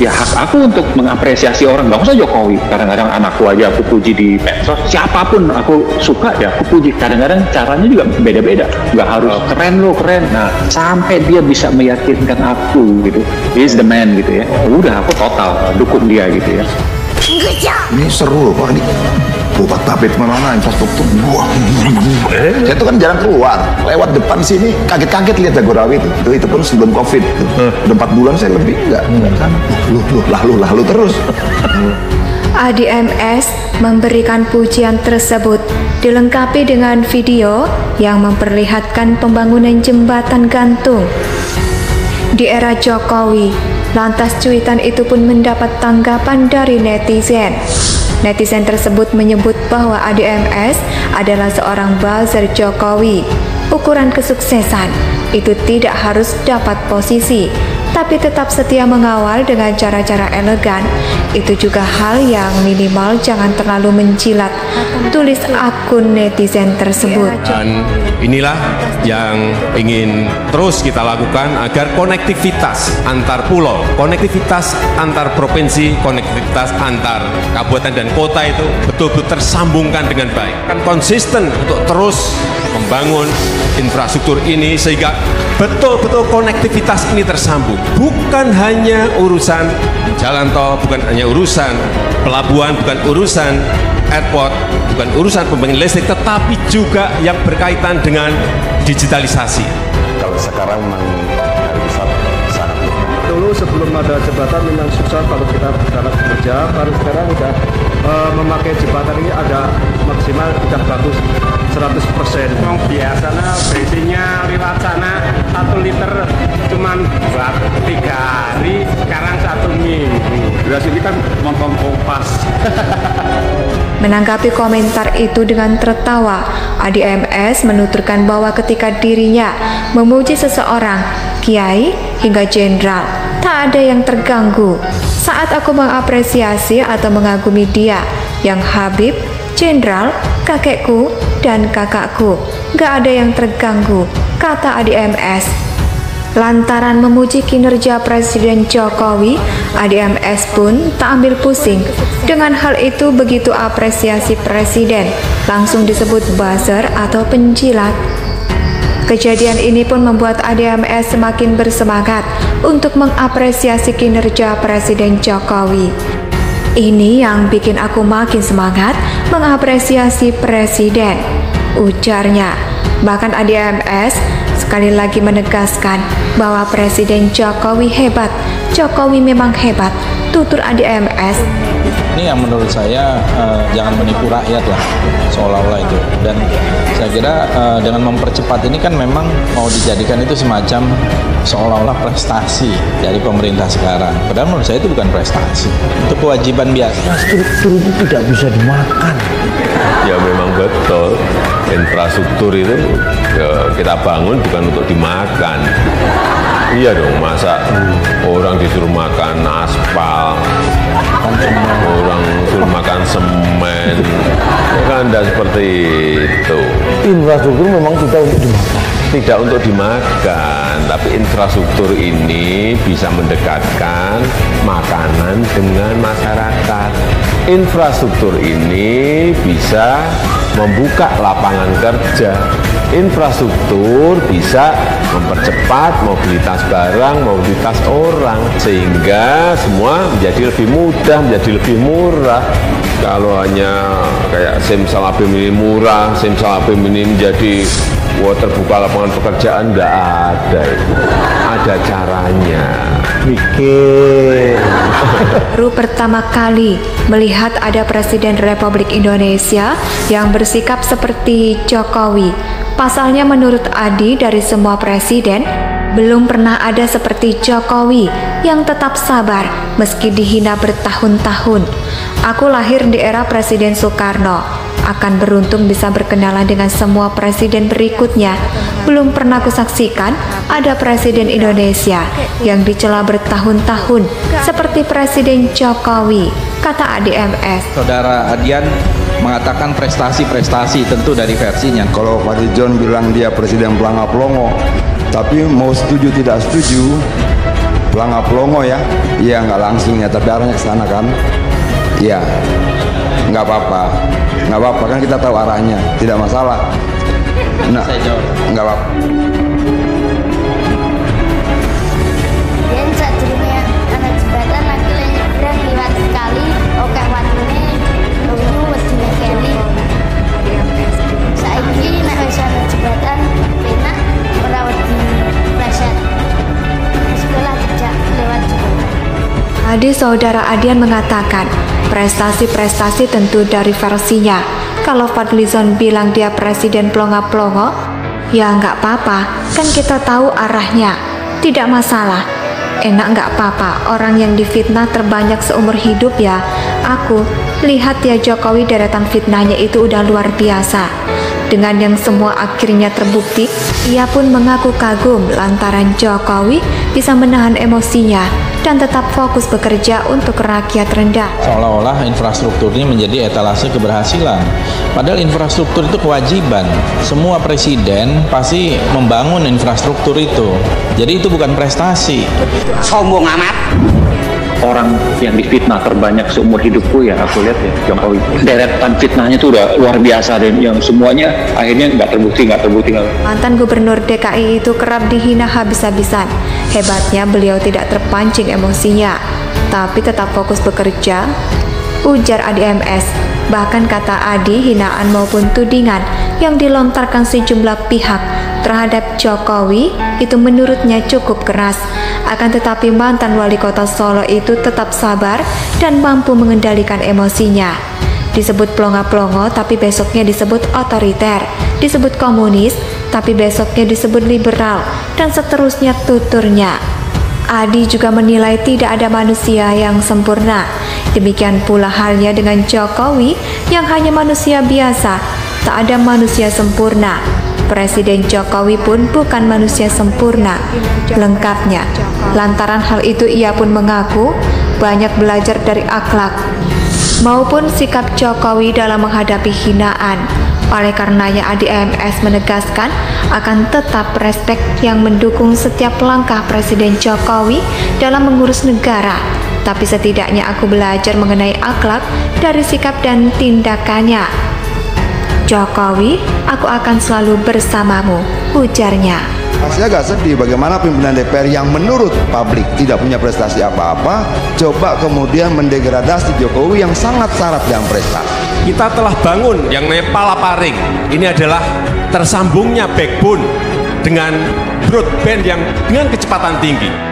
ya hak aku untuk mengapresiasi orang nggak usah Jokowi kadang-kadang anakku aja aku puji di medsos siapapun aku suka ya aku puji kadang-kadang caranya juga beda-beda nggak harus oh, keren lo keren nah sampai dia bisa meyakinkan aku gitu He is the man gitu ya udah aku total dukung dia gitu ya ini seru loh Pak ini tuh Pak Tabib mana infrastruktur buah. Eh? Saya tuh kan jarang keluar, lewat depan sini kaget-kaget lihat Jagorawi itu. itu. Itu pun sebelum Covid. Eh. Udah empat bulan saya lebih enggak. lalu hmm. lalu lalu lalu terus. ADMS memberikan pujian tersebut dilengkapi dengan video yang memperlihatkan pembangunan jembatan gantung. Di era Jokowi, lantas cuitan itu pun mendapat tanggapan dari netizen. Netizen tersebut menyebut bahwa ADMS adalah seorang buzzer Jokowi. Ukuran kesuksesan itu tidak harus dapat posisi, tapi tetap setia mengawal dengan cara-cara elegan. Itu juga hal yang minimal jangan terlalu menjilat, tulis akun netizen tersebut. Dan inilah yang ingin terus kita lakukan agar konektivitas antar pulau, konektivitas antar provinsi, konektivitas antar kabupaten dan kota itu betul-betul tersambungkan dengan baik. Kan konsisten untuk terus membangun infrastruktur ini sehingga betul-betul konektivitas ini tersambung. Bukan hanya urusan jalan tol, bukan hanya urusan pelabuhan, bukan urusan airport, bukan urusan pembangkit listrik, tetapi juga yang berkaitan dengan digitalisasi. Kalau sekarang memang dulu sebelum ada jembatan memang susah kalau kita berjalan bekerja baru sekarang sudah e, memakai jembatan ini ada maksimal sudah bagus 100% persen. biasanya bensinnya lewat sana liter cuman buat tiga hari sekarang satu minggu beras ini kan montong kompas Menanggapi komentar itu dengan tertawa, Adi MS menuturkan bahwa ketika dirinya memuji seseorang, kiai hingga jenderal, tak ada yang terganggu. Saat aku mengapresiasi atau mengagumi dia, yang Habib, jenderal, kakekku, dan kakakku, gak ada yang terganggu kata Adms Lantaran memuji kinerja Presiden Jokowi, ADMS pun tak ambil pusing. Dengan hal itu begitu apresiasi Presiden, langsung disebut buzzer atau penjilat. Kejadian ini pun membuat ADMS semakin bersemangat untuk mengapresiasi kinerja Presiden Jokowi. Ini yang bikin aku makin semangat mengapresiasi Presiden, ujarnya. Bahkan ADMS sekali lagi menegaskan bahwa Presiden Jokowi hebat. Jokowi memang hebat, tutur ADMS. Ini yang menurut saya uh, jangan menipu rakyat lah, seolah-olah itu. Dan saya kira uh, dengan mempercepat ini kan memang mau dijadikan itu semacam seolah-olah prestasi dari pemerintah sekarang. Padahal menurut saya itu bukan prestasi, itu kewajiban biasa. Struktur itu tidak bisa dimakan. Ya memang betul infrastruktur itu ya, kita bangun bukan untuk dimakan. Iya dong, masa orang disuruh makan aspal, orang disuruh makan semen, kan tidak seperti itu. Infrastruktur memang kita untuk dimakan tidak untuk dimakan, tapi infrastruktur ini bisa mendekatkan makanan dengan masyarakat. Infrastruktur ini bisa membuka lapangan kerja infrastruktur bisa mempercepat mobilitas barang, mobilitas orang sehingga semua menjadi lebih mudah, menjadi lebih murah. Kalau hanya kayak SIM salabim ini murah, SIM salabim ini menjadi wah terbuka lapangan pekerjaan enggak ada itu. Ada caranya. bikin. Ru pertama kali melihat ada Presiden Republik Indonesia yang bersikap seperti Jokowi Pasalnya menurut Adi dari semua presiden, belum pernah ada seperti Jokowi yang tetap sabar meski dihina bertahun-tahun. Aku lahir di era Presiden Soekarno, akan beruntung bisa berkenalan dengan semua presiden berikutnya belum pernah kusaksikan ada presiden Indonesia yang dicela bertahun-tahun seperti Presiden Jokowi, kata ADMS. Saudara Adian mengatakan prestasi-prestasi tentu dari versinya. Kalau Pak John bilang dia presiden pelangga pelongo, tapi mau setuju tidak setuju, pelangga pelongo ya, ya nggak langsung ya, tapi arahnya ke sana kan. Ya, nggak apa-apa, nggak apa-apa kan kita tahu arahnya, tidak masalah. Nah, saya jawab. Enggak apa-apa. Yang saat dirinya anak jembatan lagi liburan lewat sekali, oke watune, lalu wedine keli. Saiki nek wis anak jembatan, penak ora di pleset. Sekolah tidak lewat jembatan. Adi saudara Adian mengatakan, prestasi-prestasi tentu dari versinya, kalau Fadlizon bilang dia presiden plonga-plongo, ya nggak apa-apa, kan kita tahu arahnya. Tidak masalah. Enak nggak apa-apa, orang yang difitnah terbanyak seumur hidup ya. Aku, lihat ya Jokowi deretan fitnahnya itu udah luar biasa. Dengan yang semua akhirnya terbukti, ia pun mengaku kagum lantaran Jokowi bisa menahan emosinya dan tetap fokus bekerja untuk rakyat rendah. Seolah-olah infrastruktur ini menjadi etalase keberhasilan. Padahal infrastruktur itu kewajiban. Semua presiden pasti membangun infrastruktur itu. Jadi itu bukan prestasi. Sombong amat orang yang difitnah terbanyak seumur hidupku ya aku lihat ya Jokowi deretan fitnahnya tuh udah luar biasa dan yang semuanya akhirnya nggak terbukti nggak terbukti gak... mantan gubernur DKI itu kerap dihina habis-habisan hebatnya beliau tidak terpancing emosinya tapi tetap fokus bekerja ujar Adms bahkan kata adi, hinaan maupun tudingan yang dilontarkan sejumlah pihak terhadap Jokowi itu menurutnya cukup keras. Akan tetapi mantan wali kota Solo itu tetap sabar dan mampu mengendalikan emosinya. Disebut pelongo-pelongo tapi besoknya disebut otoriter, disebut komunis tapi besoknya disebut liberal, dan seterusnya tuturnya. Adi juga menilai tidak ada manusia yang sempurna Demikian pula halnya dengan Jokowi yang hanya manusia biasa, tak ada manusia sempurna. Presiden Jokowi pun bukan manusia sempurna, lengkapnya. Lantaran hal itu ia pun mengaku banyak belajar dari akhlak maupun sikap Jokowi dalam menghadapi hinaan. Oleh karenanya ADMS menegaskan akan tetap respek yang mendukung setiap langkah Presiden Jokowi dalam mengurus negara tapi setidaknya aku belajar mengenai akhlak dari sikap dan tindakannya. Jokowi, aku akan selalu bersamamu, ujarnya. Rasanya agak sedih bagaimana pimpinan DPR yang menurut publik tidak punya prestasi apa-apa, coba kemudian mendegradasi Jokowi yang sangat syarat dan prestasi. Kita telah bangun yang namanya palaparing. Ini adalah tersambungnya backbone dengan broadband yang dengan kecepatan tinggi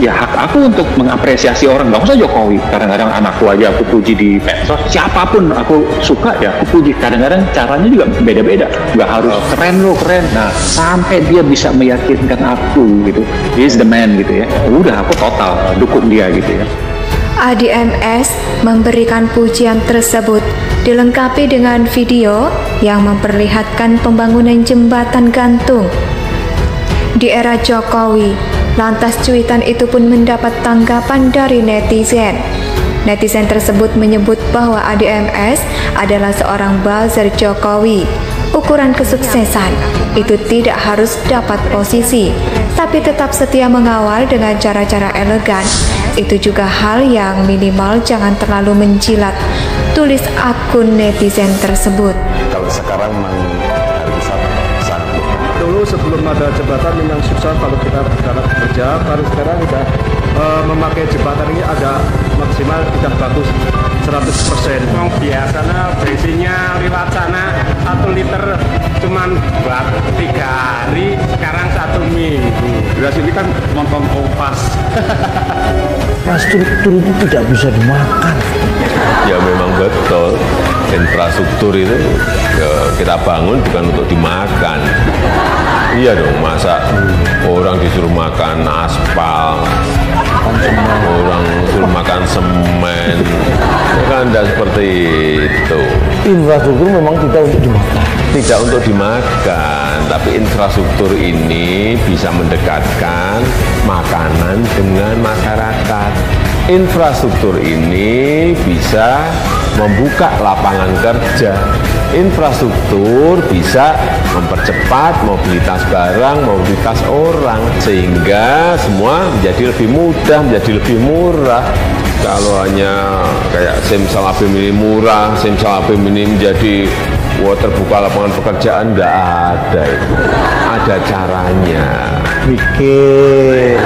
ya hak aku untuk mengapresiasi orang nggak usah Jokowi kadang-kadang anakku aja aku puji di medsos siapapun aku suka ya aku puji kadang-kadang caranya juga beda-beda nggak harus oh. keren lo keren nah sampai dia bisa meyakinkan aku gitu he is the man gitu ya, ya udah aku total dukung dia gitu ya ADMS memberikan pujian tersebut dilengkapi dengan video yang memperlihatkan pembangunan jembatan gantung di era Jokowi Lantas cuitan itu pun mendapat tanggapan dari netizen. Netizen tersebut menyebut bahwa ADMS adalah seorang buzzer Jokowi. Ukuran kesuksesan itu tidak harus dapat posisi, tapi tetap setia mengawal dengan cara-cara elegan. Itu juga hal yang minimal jangan terlalu menjilat, tulis akun netizen tersebut. Kalau sekarang memang sebelum ada jembatan memang susah kalau kita berjalan kerja baru sekarang kita e, memakai jembatan ini ada maksimal tidak bagus 100 persen oh, biasanya bensinnya lewat sana satu liter cuman buat tiga hari sekarang satu minggu beras sini kan montong kompas infrastruktur itu tidak bisa dimakan ya memang betul infrastruktur itu ya kita bangun bukan untuk dimakan. Iya dong, masa orang disuruh makan aspal, orang disuruh makan semen, ya kan tidak seperti itu. Infrastruktur memang tidak untuk dimakan. Tidak untuk dimakan, tapi infrastruktur ini bisa mendekatkan makanan dengan masyarakat. Infrastruktur ini bisa membuka lapangan kerja. Infrastruktur bisa mempercepat mobilitas barang, mobilitas orang, sehingga semua menjadi lebih mudah, menjadi lebih murah. Kalau hanya kayak SIM salabim ini murah, SIM salabim ini menjadi Wah terbuka lapangan pekerjaan nggak ada itu. Ada caranya. Bikin.